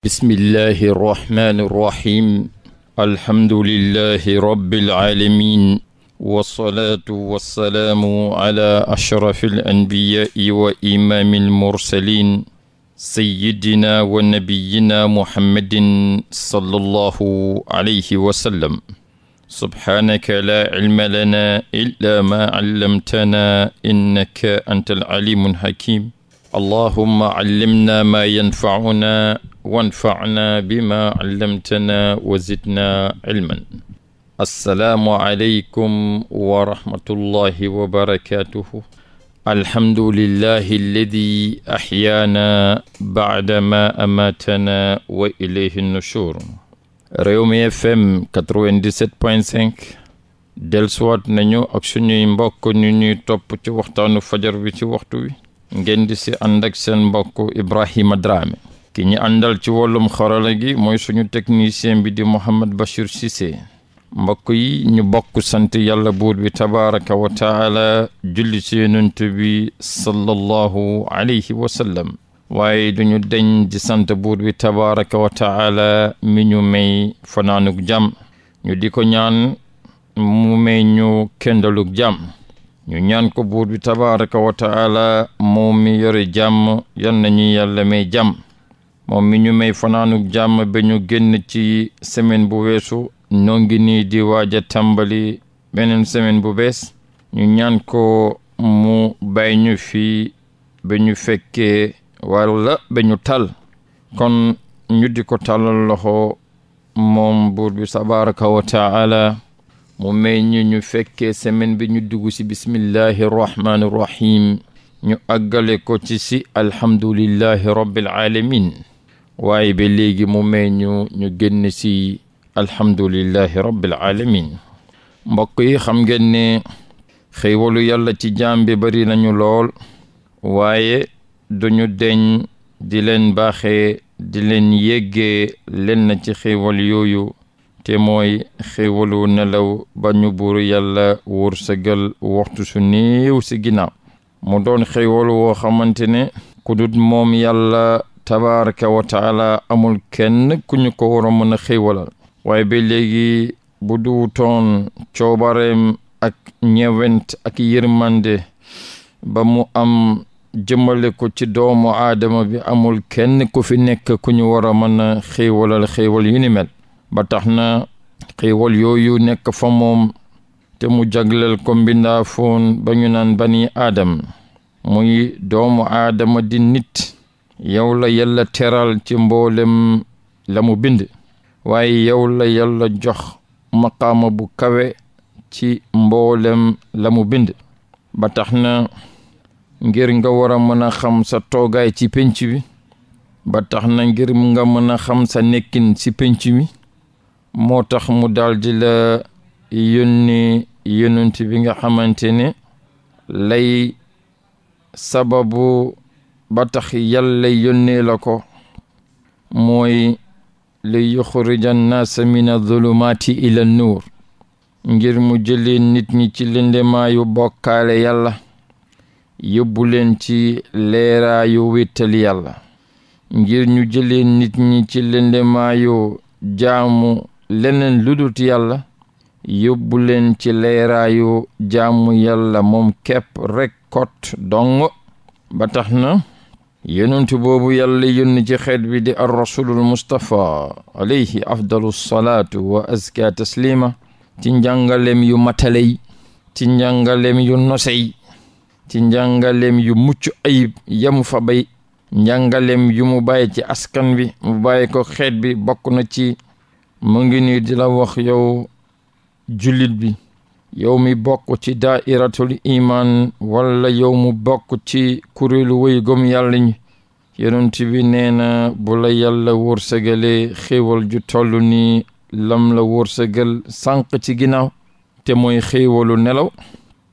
bismillahi irrahmani irrahim alhamdulillahi rabbil alamin wassalaatu wassalaamu ala ashrafi alanbiyaai wa imaami almursalin sayidina wa nabiyina muhammadin sallallahu alayhi wa sallam subhaanaka laa cilma lanaa illaa maa callamtanaa innaka anta alcalimu alhakim allahuma callimna maa yanfacunaa wanfacnaa bimaa callamtanaa wa zidnaa cilman assalaamu aleykum wa rahmatullahi wa barakaatuhu alhamdulillahi alladi axyaanaa bacdamaa amaatanaa wa ilayhi nushuur Rewmi FM 97.5 dellusiwaat nañu ak suñuy mbokk ñu ñuy topp ci waxtaanu fajar bi ci waxtu wi ngeen di si ànd ak seen mbokk Ibrahima Dramé ki ñu àndal ci wàllum xarala gi mooy suñu technicien bi di Mouhamed Bachir Cissé mbokk yi ñu bokk sant yàlla buur bi tabaraka wa taala julli ci yonent bi sallallahu alayhi wa sallam waaye duñu deñ di sant buur bi tabaraka wa taala mi ñu may fanaanug jàmm ñu di ko ñaan mu may ñu kendaluk jàmm ñu ñaan ko buur bi tabaraka wa taala moom mi yore jàmm yan nañu yàlla may jàmm moom mi ñu may fanaanu jàmm ba ñu génn ci semaine bu weesu noo ngi nii di waaj a tàmbali beneen semaine bu bees ñu ñaan ko mu bàyyi ñu fii ba ñu fekke walla ba ñu tal kon ñu di ko tàllal loxo moom buur bi tabaraka wa mu may ñu ñu fekkee semaine bi ñu dugg ci bismillahi rahmaani rahim ñu àggale ko ci si alhamdulillahi rabbil alamin waaye ba léegi mu may ñu ñu génn ci alhamdulillahi rabbil alamin mbokk yi xam ngeen ne xéewalu yàlla ci jaam bi bari nañu lool waaye duñu deñ di leen baaxee di leen yéggee leen na ci xéewal yooyu te mooy xéwalu nelaw ba ñu buuru yàlla wërsëgal waxtu su néew si ginnaaw mu doon xéwal woo xamante ne ku dut moom yàlla tabaraka wa amul kenn ku ñu ko war a mën a xéwalal waaye ba léegi bu duutoon coobareem ak ñewent ak yërmande ba mu am jëmale ko ci doomu aadama bi amul kenn ku fi nekk ku ñu war a mën a xéwalal xéwal ba tax na xéewal yooyu nekk fa moom te mu jagleel ko mbindaafoon ba ñu naan bani aadam muy doomu aadama di nit yow la yàlla teral ci mboolem la bind waaye yow la yàlla jox maqaama bu kawe ci mboolem la mu bind ba tax na ngir nga war a mën a xam sa toogaay ci pénc wi ba tax na ngir nga mën a xam sa nekkin ci pénc wi moo tax mu daldi la yónni yonent bi nga xamante ne lay sababu ba tax yàlla yónnee la ko mooy li yuxrija na min adulumaati ila nuur ngir mu jëlee nit ñi ci lëndemaayu bokkaale yàlla yóbbu leen ci leeraayu wéttali yàlla ngir ñu jëlee nit ñi ci lëndemaayu jaamu leneen ludut yàlla yóbbu leen ci leeraayu jaamu yàlla moom kepp rek kot dong ba tax na yonent boobu yàlla yónn ci xeet bi di ar rasulul mustapha alayhi afdalu salaatu wa azka taslima ci njàngaleem yu mataley ci njàngaleem yu nosey ci njàngaleem yu mucc ayib yamu fa bay njàngaleem yu mu bàyyi ci askan bi mu ko xeet bi bokk na ci mu ngi nii di la wax yow jullit bi yow mi bokk ci daairatul iman wala yow mu bokk ci kuréelu way gëm yàlla ñi yonent bi nee na bula la yàlla wërsëgalee xéewal ju toll nii lam la wërsëgal sànq ci ginnaaw te mooy xéewalu nelaw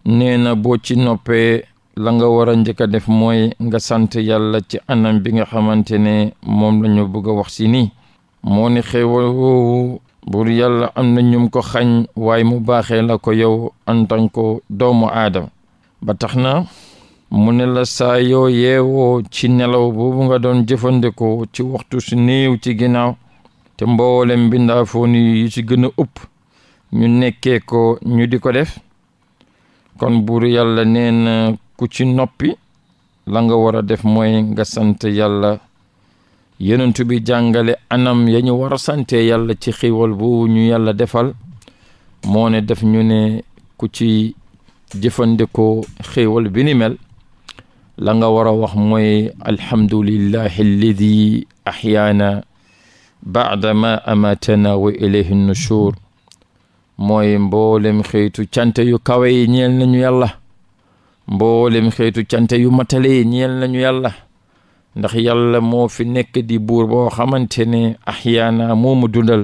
nee na boo ci noppee la nga war a njëkk a def mooy nga sant yàlla ci anam bi nga xamante ne moom la ñu bëgg a wax si nii moo ni xéewal woowu buur yàlla am na ñum ko xañ waaye mu baaxee la ko yow en tant doomu aadama ba tax na mu ne la saa yoo yeewoo ci nelaw boobu nga doon jëfandikoo ci waxtu si néew ci ginnaaw te mboolem ni yu ci gën a ëpp ñu nekkee ko ñu di ko def kon buur yàlla nee na ku ci noppi la nga war a def mooy nga sant yàlla yonent bi jàngale anam ya ñu war a sante yàlla ci xiwal bu ñu yàlla defal moone def ñu ne ku ci jëfandikoo xiwal binimel ni mel la nga war a wax mooy alhamdulillahi alladi axyaana baada ma amatana wa ilayhi nushur mooy mboolem xeetu cante yu kawe yi ñeel nañu yàlla mboolem xeetu cante yu matale yi ñeel nañu yàlla ndax yàlla moo fi nekk di buur boo xamante ne axyaana moo mu dundal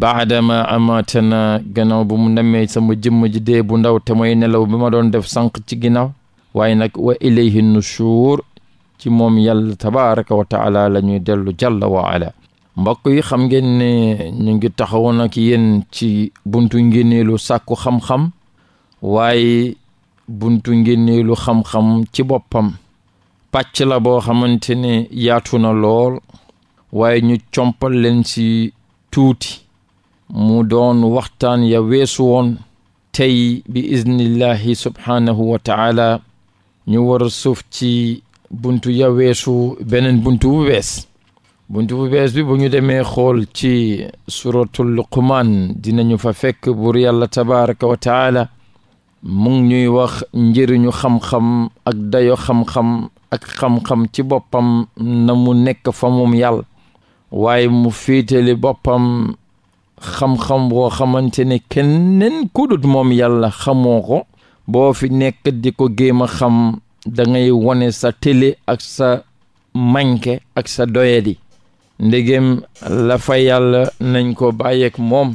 baadama amaatana gannaaw bu mu namee sama jëmm ji dee bu ndaw te mooy nelaw bi ma doon def sànq ci ginnaaw waaye nag wa ilayhi nushur ci moom yàlla tabaraka wa taala ñuy dellu jàlla wa ala mbokk yi xam ngeen ne ñu ngi taxawoon ak yéen ci buntu ngénneelu sàkku xam-xam waaye buntu ngénneelu xam-xam ci boppam pàcc la boo xamante ne yaatu na lool waaye ñu compal leen ci tuuti mu doon waxtaan ya weesu woon tey bi iznillahi subhaanahu wa taala ñu war suuf ci buntu ya weesu beneen buntu bu bees buntu bu bees bi bu ñu demee xool ci suratul luqmaan dinañu fa fekk buur yàlla tabaraka wa taala mu ngi ñuy wax njëriñu xam-xam ak dayo xam-xam ak xam-xam ci boppam na mu nekk fa moom yàlla waaye mu féetale boppam xam-xam boo xamante ne kenn ku dut moom yàlla xamoo ko boo fi nekk di ko géem a xam dangay ngay wone sa télé ak sa manke ak sa doyadi ndegem la fa yàlla nañ ko bàyyeek moom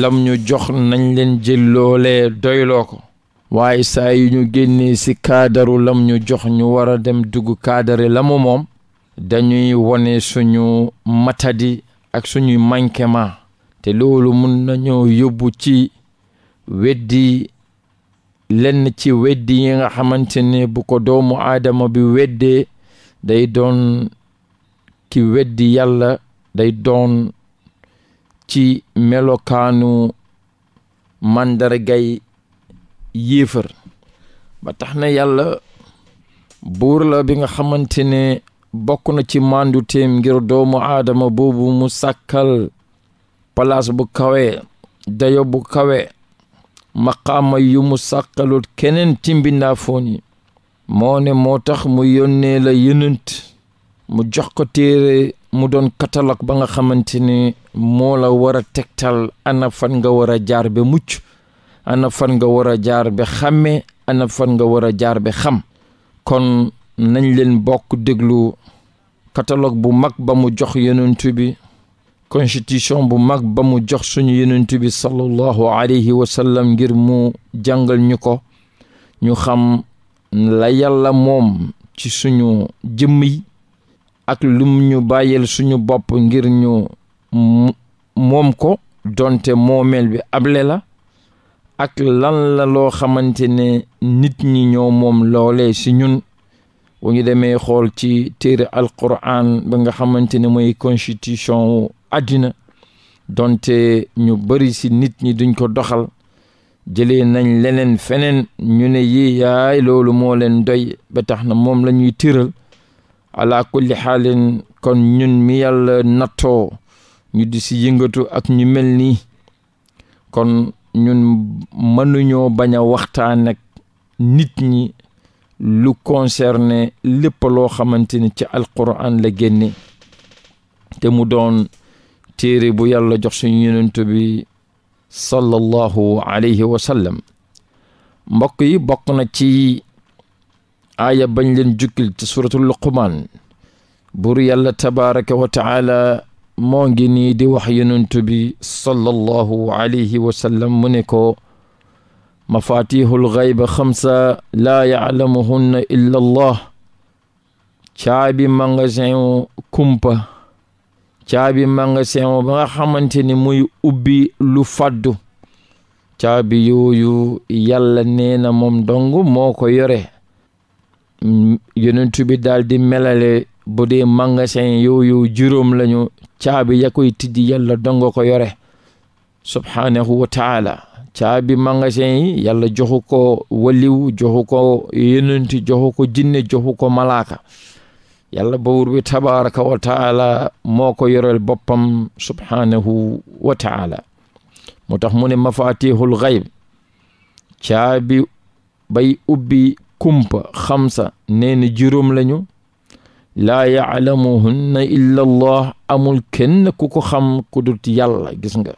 lam ñu jox nañ leen jël doyloo ko waaye saa yu ñu génnee ci kaadaru lam ñu jox ñu war a dem dugg kaadare lamu moom dañuy wone suñu matadi ak suñuy manquement te loolu mun nañoo yóbbu ci weddi lenn ci weddi yi nga xamante ne bu ko doomu aadama bi weddee day doon ki weddi yàlla day doon ci melokaanu màndargay yéefar ba tax na yàlla buur la bi nga xamante ne bokk na ci màndu teem ngir doomu aadama boobu mu sàkkal palaas bu kawe dayo bu kawe maqaama yu mu sàkkalul keneen ci mbindaafoon moo ne moo tax mu yónnee la yënant mu jox ko téere mu doon catalogue ba nga xamante ne moo la war a tegtal ana fan nga war a jaar ba mucc ana nga war a jaar ba xàmme ana nga war a jaar bi xam kon nañu leen bokk déglu catalogue bu mag ba mu jox yonent bi constitution bu mag ba mu jox suñu yonent bi sallallahu alayhi wa ngir mu jàngal ñu ko ñu xam la yàlla moom ci suñu jëmmiy ak lum ñu bàyyil suñu bopp ngir ñu moom ko doonte moomeel bi able la ak lan la loo xamante ne nit ñi ñoo moom loole si ñun bu ñu demee xool ci téere alquran ba nga xamante ne mooy constitution wu àddina donte ñu bari si nit ñi duñ ko doxal jële nañ leneen feneen ñu ne yi yaay loolu moo leen doy ba tax na moom lañuy ñuy tëral ala kulli xaalin kon ñun mi yàlla nattoo ñu di si yëngatu ak ñu mel nii kon ñun mënuñoo bañ a waxtaan ak nit ñi lu concerné lépp loo xamante ni ci alquran la génne te mu doon téere bu yàlla jox suñu yonent bi sallallahu alayhi wa sallam mbokk yi bokk na ci aaya bañ leen jukkil ci suratul luqmaan buur yàlla tabaraka wa moo ngi nii di wax yonent bi sallallahu alayhi wa mu ne ko mafatihul xayba xamsa laa yaalamuhunna illa allah caabi magasin wu kumpa caabi magasin wu ba nga xamante ni muy ubbi lu faddu caabi yooyu yàlla nee na moom dong moo ko yore yonent bi melale bu dee magasin yooyu juróom lañu caabi ya koy tijji yàlla dongo ko yore subhaanahu wa taala caabi magasin yi yàlla joxu ko waliw joxu ko yenanti joxu ko jinne joxu ko malaaka yàlla bawur bi tabaraka wa moo ko yoreel boppam subhaanahu wa taala moo tax mu ne mafatihul xayb caabi bay ubbi kumpa xamsa nee juróom lañu laa yaalamuhunna illa allah amul kenn ku ko xam ku dut yàlla gis nga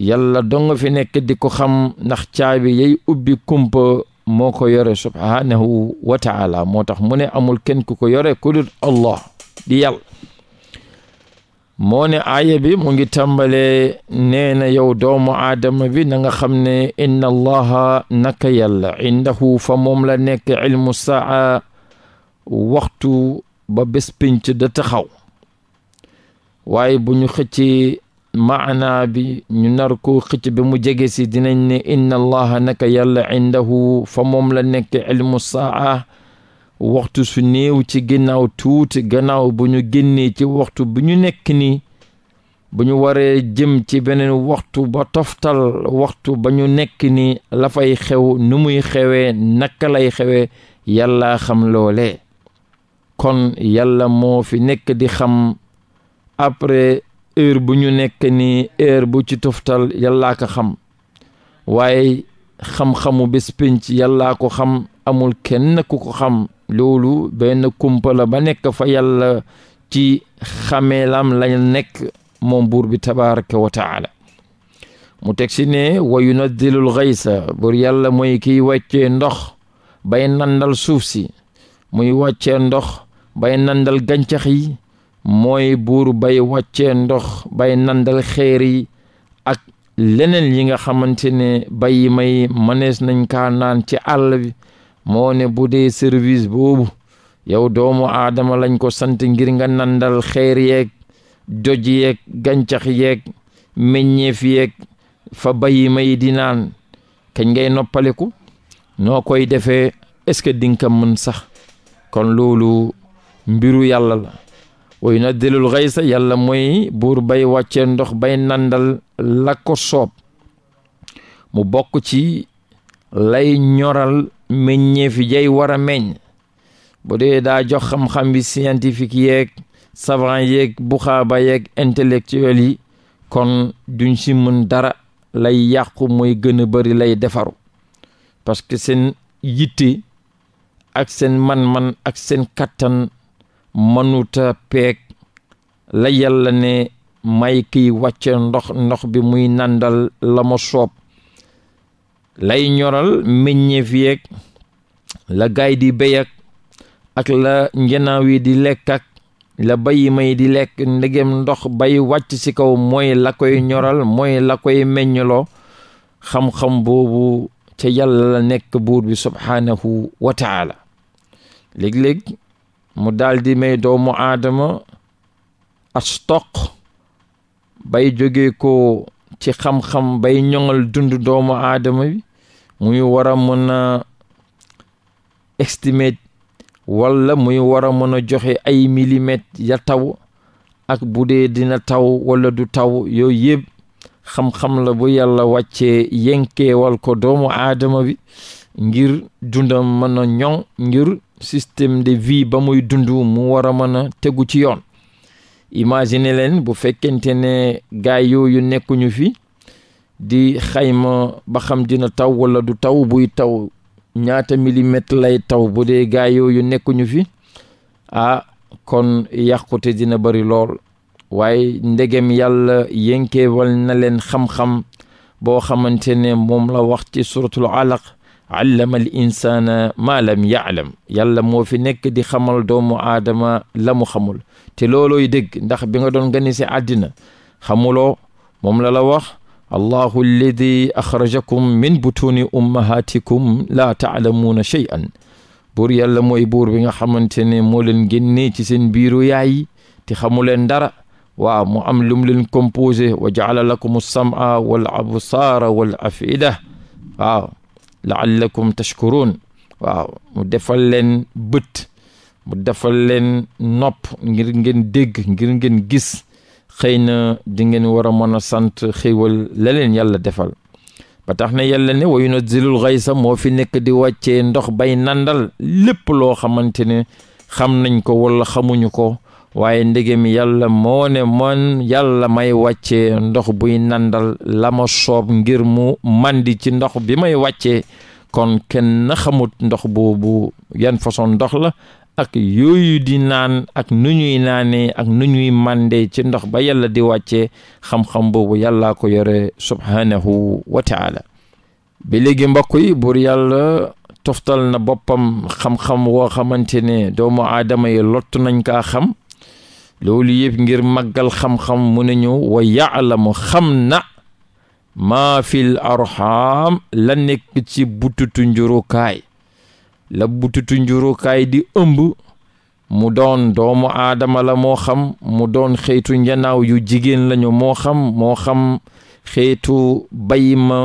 yàlla dong fi nekk di ko xam ndax caabi yay ubbi kumpa moo ko yore subhaanahu wa taala moo tax mu ne amul kenn ku ko yore ku dut allah di yàlla moo ne aaya bi mu ngi tàmbalee nee na yow doomu aadama bi na xam ne inna allaha naka yàlla indahu fa moom la nekk ilmu saa waxtu ba bés pénc da taxaw waaye bu ñu xëccee maanaa bi ñu nar ko xëcc ba mu jege si dinañ ne inna allaha naka yàlla indahu fa moom la nekk ilmu saa waxtu su néew ci ginnaaw tuuti gannaaw bu ñu génnee ci waxtu bu ñu nekk ni bu ñu waree jëm ci beneen waxtu ba toftal waxtu ba ñu nekk ni lafay xew nu muy xewee naka lay xewee yàllaa xam loolee kon yàlla moo fi nekk di xam après heure ñu nekk ni heure bu ci toftal yàllaa xam waaye xam-xamu bés pénc xam amul kenn ku ko xam loolu benn kumpa ba nekk fa yàlla ci xameelam la nekk moom buur bi tabaraka mu teg si ne wa yunazzilul gaysa buur yàlla mooy kiy wàccee ndox bay nandal suuf si muy wàccee ndox bay nandal gàncax yi mooy buur bay wàcce ndox bay nandal xeer yi ak leneen yi nga xamante ne bay may mënees nañ kaa naan ci àll bi moo ne bu dee service boobu yow doomu aadama lañ ko sant ngir nga nandal xeer yeeg doj yeeg gàncax yeeg meññeef yeeg fa bay may di naan kañ ngay noppaliku noo koy defee est-ce que dinga mën sax kon loolu mbiru yàlla la na yunazzilul ghaysa yàlla mooy buur bay wàccee ndox bay nandal la ko soob mu bokk ci lay ñoral meññeef jay wara a meññ bu dee daa jox xam-xam bi scientifique yeeg savant yeeg buxaaba yeeg intellectuel yi kon duñ si mën dara lay yàqu mooy gëna bari lay defaru parce seen yitte ak seen man-man ak seen kattan mënuta peeg la yàlla ne may kiy wàcce ndox ndox bi muy nandal la ma soob lay ñoral meññeef yeeg la gaay di béy ak la njanaaw yi di lekk ak la bayi may di lekk ndegem ndox bay wàcc ci kaw mooy la koy ñoral mooy la koy meññloo xam-xam boobu ca yàlla la nekk buur bi subhaanahu wa taala léeg-léeg mu daldi may doomu aadama as bay joge ko ci xam-xam bay ñoŋal dund doomu aadama bi muy war a mën a estimate wala muy war a mën a joxe ay milimètres ya taw ak bu dee dina taw wala du taw yooyu yëpp xam-xam la bu yàlla wàccee yenkeewal ko doomu aadama bi ngir dundam mën na ñoŋ ngir système de vie ba muy dund mu war a mën a tegu ci yoon imagine leen bu fekkente ne gaay yooyu nekkuñu fi di xayma ba xam dina taw wala du taw buy taw ñaata milimètre lay taw bu dee gaay yooyu nekkuñu fi ah kon yàqute dina bari lool waaye ndegem yàlla yënkeewal na leen xam-xam boo xamante ne moom la wax ci suratul alaq allama al insaana maa lam yaalam yàlla moo fi nekk di xamal doomu aadama la mu xamul te loolooy dëgg ndax bi nga doon gani si àddina xamuloo moom la la wax allahu alladi axrajakum min butuuni ummahatikum laa taalamuuna shay'an buur yàlla mooy buur bi nga xamante ne moo leen génnee ci seen biiru yaay te xamuleen dara waaw mu am lum leen composé wa jaala lakum alsamaa wal absaara wal afida waaw laallakum tashkuruun waaw mu defal leen bët mu defal leen nopp ngir ngeen dégg ngir ngeen gis xëy na di ngeen war a mën a sant xéewal la leen yàlla defal ba tax na yàlla ne wa yunazzilul xaysa moo fi nekk di wàccee ndox bay nandal lépp loo xamante ne xam nañ ko walla xamuñu ko waaye ndegem yàlla moone ne man yàlla may wàccee ndox buy nandal la soob ngir mu mandi ci ndox bi may wàccee kon kenn xamut ndox boobu yan façon ndox la ak yooyu di naan ak nu ñuy naanee ak nu ñuy màndee ci ndox ba yàlla di wàccee xam-xam boobu yàllaa ko yore subhaanahu wa bi léegi mbokk yi buur yàlla toftal na boppam xam-xam woo xamante ne doomu aadama yi lottu nañ ka xam loolu yëpp ngir màggal xam-xam mu ne ñu wa mu xam na maa fil arham la nekk ci bututu njurukaay la bututu njurukaay di ëmb mu doon doomu aadama la moo xam mu doon xeetu njanaaw yu jigéen lañu moo xam moo xam xeetu bayima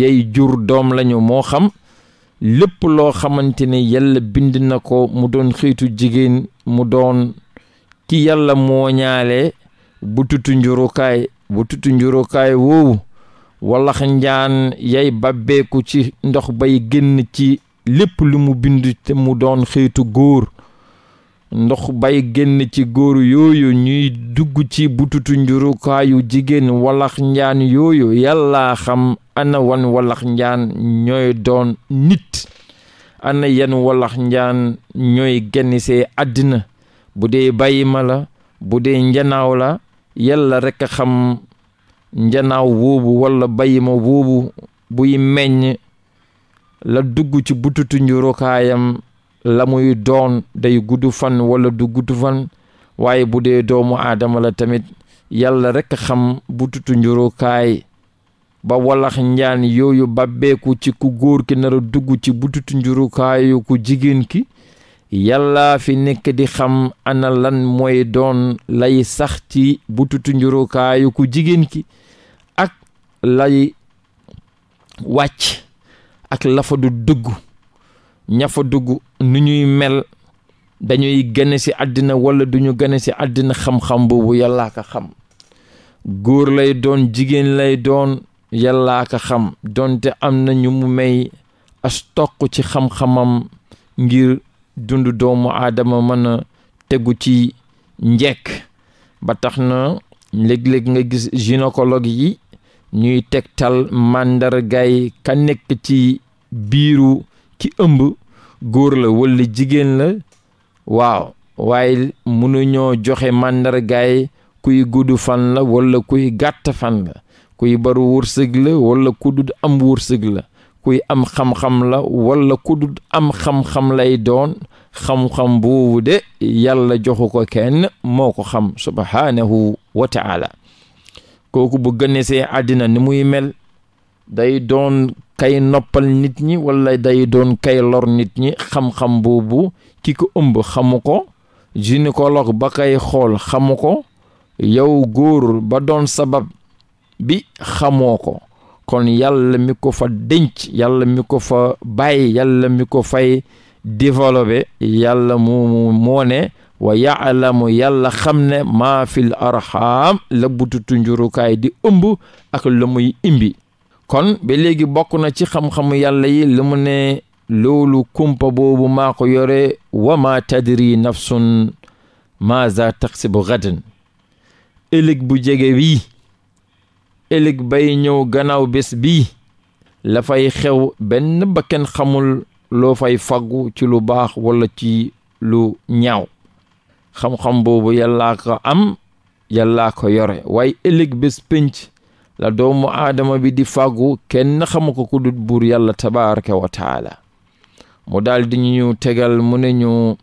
yey jur doom lañu moo xam lépp loo xamante ne yàlla na ko mu doon xeetu jigéen mu doon ci yàlla mooñaale bututu njurukaay bututu njurukaay woowu wallax njaan yay babbeeku ci ndox bay génn ci lépp lu mu bind te mu doon xeetu góor ndox bay génn ci góor yooyu ñuy dugg ci bututu njurukaayu jigéen wallax njaan yooyu yàlla xam ana wan wallax njaan ñooy doon nit ana yan wallax njaan ñooy gennisee àddina bu dee bàyyi ma la bu dee njanaaw la yalla rekk a xam njanaaw woobu walla bayi ma woobu buy meññ la dugg ci bututu njurukaayam la muy doon day gudd fan walla du gudd fan waaye bu dee doomu aadama la tamit yàlla rekk xam bututu njurukaay ba walax njaan yooyu babbeeku ci ku góor ki nar a dugg ci bututu njurukaayu ku jigéen ki yàllaa fi nekk di xam ana lan mooy doon lay sax ci bututu njurukaayu ku jigéen ki ak lay wàcc ak lafadu dugg ñafa dugg nu ñuy mel dañuy gane ci àddina wala duñu gane ci àddina xam-xam boobu yàllaa ka xam góor lay doon jigéen lay doon yàllaa ka xam doonte am na ñu mu may as ci xam-xamam ngir dund doomu aadama mën a tegu ci njekk ba tax na léeg-léeg nga gis gynécologue yi ñuy tegtal màndargaay ka nekk ci biiru ci ëmb góor la walla jigéen la waaw waaye mënuñoo joxe màndargaay kuy gudd fan la walla kuy gàtt fan la kuy baru wërsëg la walla ku du am wërsëg la kuy am xam-xam la wala ku dul am xam-xam lay doon xam-xam boobu de yàlla joxu ko kenn moo ko xam subhaanahu wa taala kooku bu gënesee àddina ni muy mel day doon kay noppal nit ñi wala day doon kay lor nit ñi xam-xam boobu ki ko ëmb xamu ko gynécologue ba kay xool xamu ko yow góor ba doon sabab bi xamoo ko kon yàlla mi ko fa denc yàlla mi ko fa bàyyi yàlla mi ko fay développé yàlla mu moone wa yaalamu yàlla xam ne maa fil arxaam la bututu njurukaay di ëmb ak la muy imbi kon ba léegi bokk na ci xam-xamu yàlla yi li ne loolu kumpa boobu maako yore wa ma tadri nafsun maaza taksibu gadan ëllëg bu jege bii ëllëg bay ñëw gannaaw bés bii la fay xew benn bakken xamul loo fay faggu ci lu baax walla ci lu ñaaw xam-xam boobu yàllaa ko am yàllaa ko yore way ëllëg bés pénc la doomu aadama bi di fàggu kenn xamu ko ku dut buur yàlla tabaraka wa mu daldi di ñu tegal mu ne ñu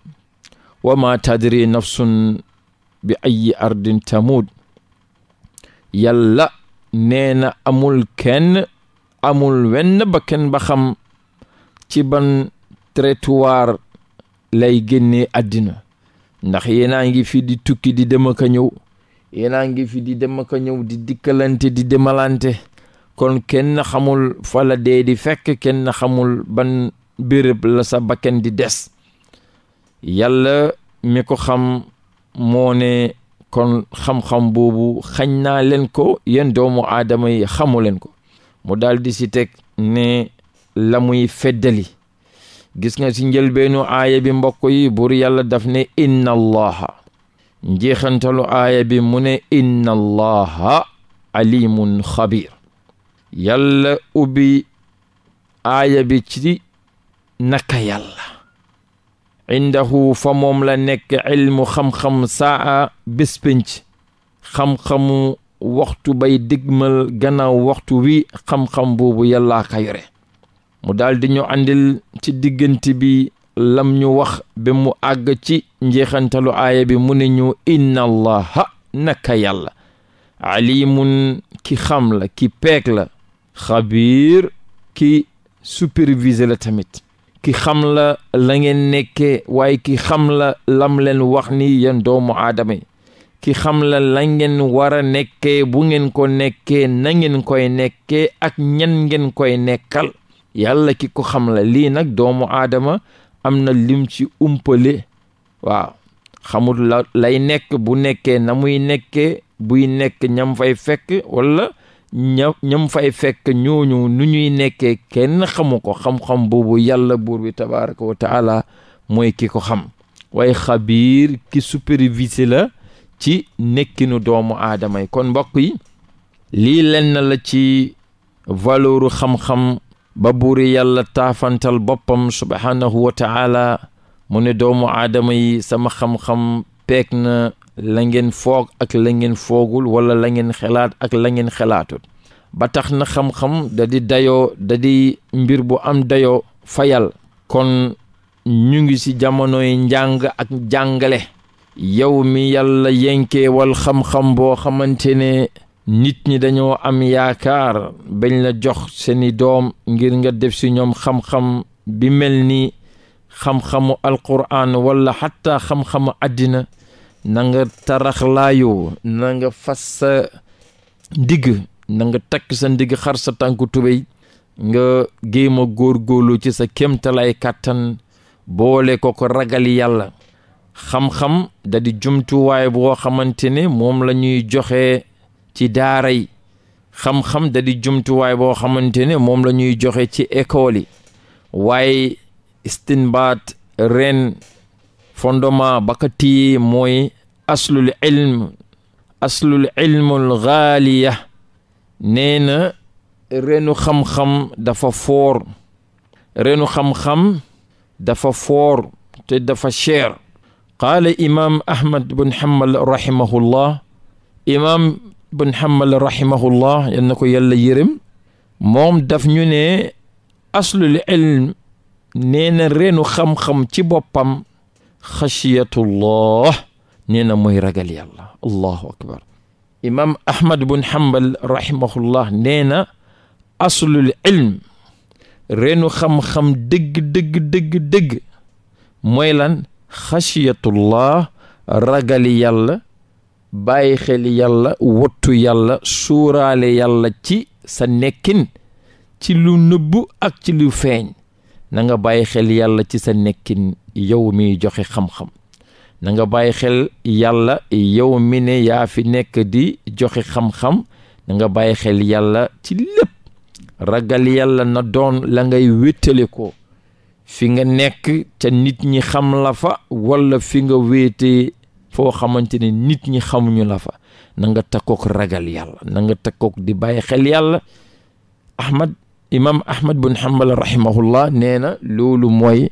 wa ma tadri nafsun bi ayi ardin tamud yàlla nee na amul kenn amul wenn ba kenn ba xam ci ban trottoir lay génnee àddina ndax yéenaa ngi fi di tukki di dem ak a ñëw ngi fi di dem ak ñëw di dikkalante di demalante kon kenn xamul fa la dee di fekk kenn xamul ban béréb la sa bakken di des yàlla mi ko xam moo ne kon xam-xam boobu xañ naa leen ko yéen doomu aadama yi xamuleen ko mu daldi di teg ne la muy feddali gis nga si njëlbeenu aaya bi mbokk yi buur yàlla daf ne inna allaha njeexantalu aaya bi mu ne inna allaha alimun ubbi aaya bi ci naka yàlla indahu fa moom la nekk ilmu xam-xam saa bés pénc xam-xamu waxtu bay digmal gannaaw waxtu wi xam-xam boobu yàllaa ka mu daldi ñu àndil ci diggante bi lam ñu wax ba mu àgg ci njeexantalu aaya bi mu ne ñu inna allaha naka yàlla alimun ki xam la ki peeg la xabiir ki supervisé la tamit ki xam la la ngeen nekkee waaye ki xam la lam leen wax ni yéen doomu aadama yi ki xam la la ngeen war a nekkee bu ngeen ko nekkee na ngeen koy nekkee ak ñan ngeen koy nekkal yàlla ki ko xam la lii nag doomu aadama am na lim ci umpale waaw xamul lay nekk bu nekkee na muy nekkee buy nekk ñam fay fekk walla ña ñam fay fekk ñooñu nu ñuy nekkee kenn xamu ko xam-xam boobu yàlla buur bi tabaraka wa mooy ki ko xam waaye xabiir ki supervisé la ci nekkinu doomu aadama yi kon mbokk yi lii lenn la ci valeuru xam-xam ba buur yàlla taafantal boppam subhaanahu wa taala mu ne doomu aadama yi sama xam-xam peek na la ngeen foog ak la ngeen foogul wala la ngeen xalaat ak la ngeen xalaatut ba tax na xam-xam da di dayoo da di mbir bu am dayoo fayal kon ñu ngi ci jamonoy njàng ak jàngale yow mi yàlla yenkeewal xam-xam boo xamante ne nit ñi dañoo am yaakaar bañ la jox seeni doom ngir nga def ci ñoom xam-xam bi mel nii xam-xamu alquran wala xatta xam-xamu àddina nanga nga nanga fas sa ndigg nanga takk sa ndigg xar sa tànk tubéy nga géem góor góorgóorlu ci sa kémtalaay kàttan boole ko ko ragali yàlla xam-xam da di jumtuwaay boo xamante ne moom lañuy joxe ci daara yi xam-xam da di jumtuwaay boo xamante ne moom lañuy joxe ci école yi waaye istinbaat ren fondement ba ka téye mooy aslul ilm aslul ilmul xaaliya nee na reenu xam-xam dafa foor reenu xam-xam dafa foor te dafa cher qaala imaam ahmad bun hamal rahimahullah imaam bun hamal rahimahullah yal ko yàlla yërëm moom daf ñu ne aslul ilm nee na reenu xam-xam ci boppam xachiyatullah nee na mooy ragal yàlla allahu akbar imam ahmad bun hambal rahimahullah nee na aslul ilm reenu xam-xam dëgg dëgg dëgg dëgg mooy lan xachiyatullah ragali yàlla bàyyi xel yàlla wottu yàlla suuraale yàlla ci sa nekkin ci lu nëbbu ak ci lu feeñ nanga nga bàyyi xel yàlla ci sa nekkin yow mi joxe xam-xam na bàyyi xel yàlla yow mi ne yaa fi nekk di joxe xam-xam na bàyyi xel yàlla ci lépp ragal yàlla na doon la ngay wéttale ko fi nga nekk ca nit ñi xam la fa walla fi nga wéete foo xamante ne nit ñi xamuñu la fa na nga takkook ragal yàlla nanga nga takkook di bàyyi xel yàlla ahmad imam ahmad bun hanbal rahimahullah nee na loolu mooy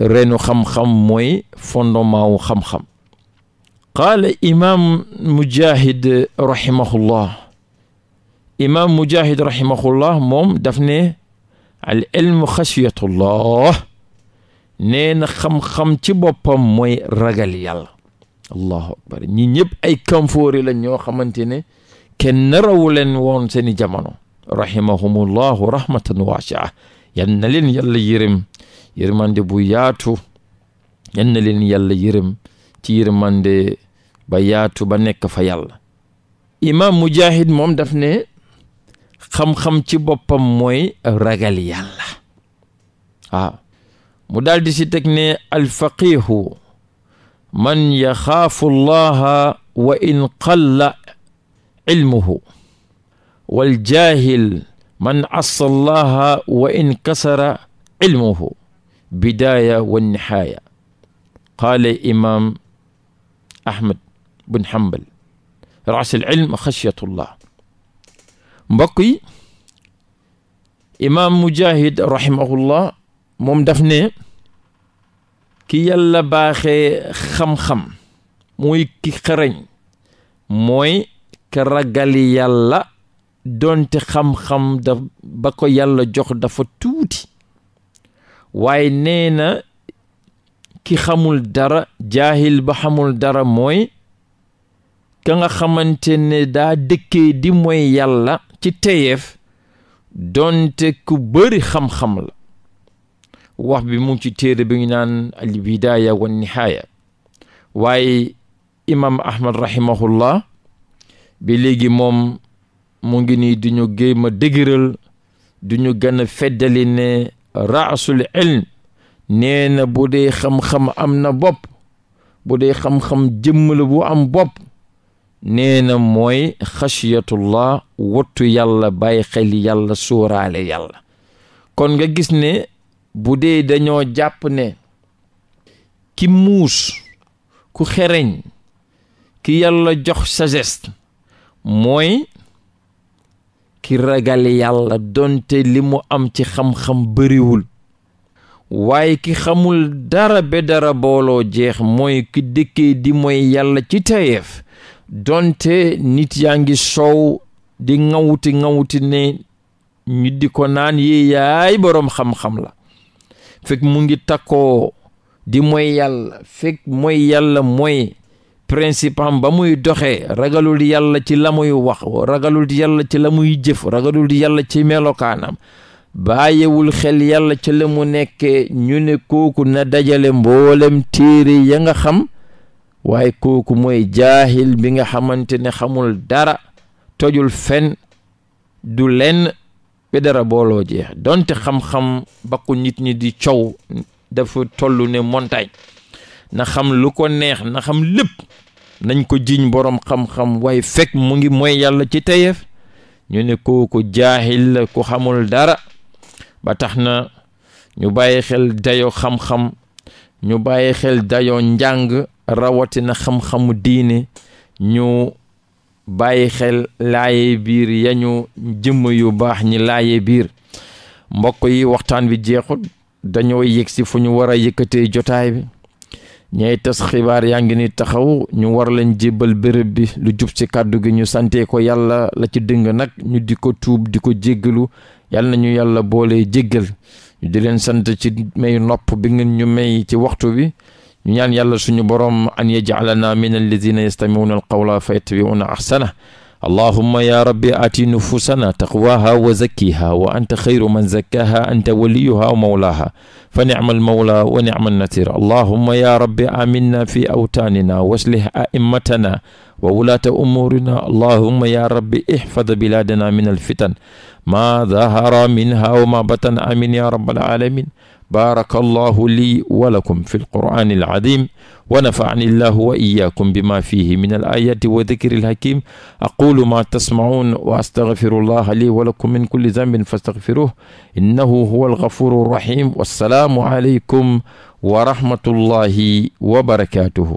reenu xam-xam mooy fondement wu xam-xam qaala imaam mujahid rahimahullah imaam mujahid rahimahullah moom daf ne al ilmu xasiyatullah nee na xam-xam ci boppam mooy ragal yàlla allahu akbar ñi ñëpp ay kamfóori la ñoo xamante ne kenn rawu leen woon seeni jamono rahimahumullahu rahmatan waasia yan na leen yàlla yërëm yërmande bu yaatu yan na leen yàlla yërëm ci yërmande ba yaatu ba nekk fa yàlla imaam mujahid moom daf ne xam-xam ci boppam mooy ragal yàlla waaw ah, mu daldi si teg ne alfaqihu man yaxaafu llaha wa in qalla ilmuhu wal jaahil man asa llaha wa in kasara ilmuhu bidaaya wa nihaaya qaala imaam ahmad bun hambal raasal ilm xasiyatullah mbokk yi imaam mujahid rahimahullah moom daf ne ki yàlla baaxe xam-xam muy ki xarañ mooy ka ragali yàlla doonte xam-xam da ba ko yàlla jox dafa tuuti waaye nee na ki xamul dara jaahil ba xamul dara mooy ka nga xamante ne daa dëkkee di mooy yàlla ci teyeef donte ku bari xam-xam wax bi mu ci téere bi ñu naan al bidaaya waaye imaam ahmad rahimahullah bi léegi moom mu ngi nii duñu géem a dëgëral duñu gën a feddali raasul ilm nee na bu dee xam-xam am na bopp bu dee xam-xam jëmm la bu am bopp nee na mooy xasiyatullah wattu yàlla bàyyi xel yàlla sóoraale yàlla kon nga gis ne bu dee dañoo jàpp ne ki muus ku xereñ ki yàlla jox sagesse mooy ki ragal yàlla donte li mu am ci xam-xam bariwul waaye ki xamul dara be dara booloo jeex mooy ki dëkkee di mooy yàlla ci tayeef donte nit yaa ngi soow di ŋawuti ŋawuti ne ñu di ko naan yi yaay boroom xam-xam la fekk mu ngi takkoo di mooy yàlla fekk mooy yàlla mooy principe am ba muy doxee ragalul yàlla ci la muy wax ragalul yàlla ci la muy jëf ragalul yàlla ci melokaanam bàyyiwul xel yàlla ci lamu mu nekkee ñu ne kooku na dajale mboolem téere ya nga xam waaye kooku mooy jaahil bi nga xamante ne xamul dara tojul fenn du lenn bi dara booloo donte xam-xam bakku nit ñi di coow dafa tollu ne montagne na xam lu ko neex na xam lépp nañ ko jiiñ boroom xam-xam waaye fekk mu ngi mooy yàlla ci teyef ñu ne ko jaahil la ku xamul dara ba tax na ñu bàyyi xel dayo xam-xam ñu bàyyi xel dayo njàng rawatina xam-xamu diine ñu bàyyi xel laaye biir yañu jëmm yu baax ñi laaye biir mbokk yi waxtaan bi jeexul dañoo yëg si fu ñu war a yëkkatee jotaay bi ñay tas xibaar yaa ngi ni taxaw ñu war leen jébbal béréb bi lu jub ci kàddu gi ñu santee ko yàlla la ci dëng nag ñu di ko tuub di ko jéggalu yalla na ñu yàlla boole jéggal ñu di leen sant ci may nopp bi ngeen ñu may ci waxtu wi ñu ñaan yàlla suñu borom an meneen yajalana min alladina yastamiuna alqawla fa yattabiuna ahsana allahuma ya rabbi ati nufusana taqwaha wa zakkiha wa anta xayru man zakkaha anta waliyuha wa mawlaha fa nicma almawla wa nicma alnasir allahuma ya rabbi aminna fi awtaanina wa aslih aimmatana wa wulaata umuurina allahuma ya rabbi ihfad bilaadana min alfitan ma dahara minha wa ma batan amin ya rabbal alamin baaraka allahu lii walakum fi lqur'ani alazim wa nafa'ani allahu wa iyaakum bima fihi min alayati wa dikri alhakim aqulu ma tasma'un wa astaghfiru allaha lii walakum min kulli dhanbin fastaghfiruhu innahu huwa alghafuru rahim wassalaamu alaykum wa rahmatullahi wa barakatuhu